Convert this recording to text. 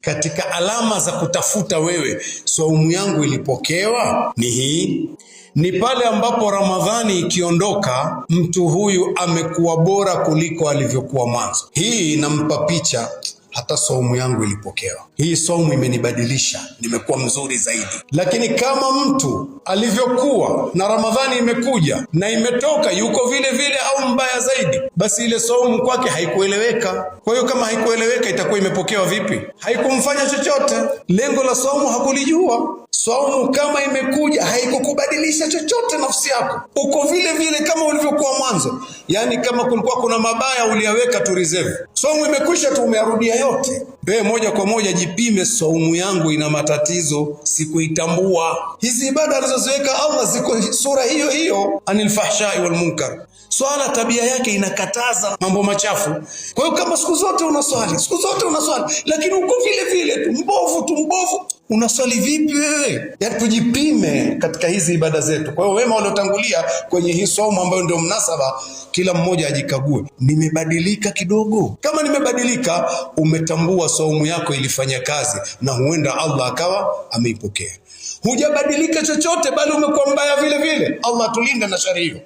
katika alama za kutafuta wewe, saumu yangu ilipokewa ni hii. Ni pale ambapo Ramadhani ikiondoka, mtu huyu amekuwa bora kuliko alivyokuwa mwanzo. Hii inampa picha hata saumu yangu ilipokewa. Hii somu imenibadilisha, nimekuwa mzuri zaidi. Lakini kama mtu alivyokuwa na Ramadhani imekuja na imetoka, yuko vile vile au mbaya zaidi, basi ile saumu kwake haikueleweka. Kwa hiyo kama haikueleweka, itakuwa imepokewa vipi? Haikumfanya chochote, lengo la somu hakulijua. Saumu kama imekuja haikukubadilisha chochote, nafsi yako uko vile vile kama ulivyokuwa mwanzo. Yaani kama kulikuwa kuna mabaya uliyaweka tu reserve. Saumu imekwisha tu, umearudia yote. Wewe moja kwa moja jipime, saumu yangu ina matatizo, sikuitambua. Hizi ibada alizoziweka Allah ziko sura hiyo hiyo, anil fahshai wal munkar. Swala tabia yake inakataza mambo machafu. Kwa hiyo kama siku zote unaswali, siku zote unaswali, lakini uko vile vile tu mbovu tu mbovu Unaswali vipi wewe? Yaani tujipime katika hizi ibada zetu. Kwa hiyo wema waliotangulia kwenye hii somo ambayo ndio mnasaba, kila mmoja ajikague, nimebadilika kidogo. Kama nimebadilika, umetambua saumu yako ilifanya kazi na huenda Allah akawa ameipokea. Hujabadilika chochote, bali umekuwa mbaya vile vile, Allah tulinde na shari hiyo.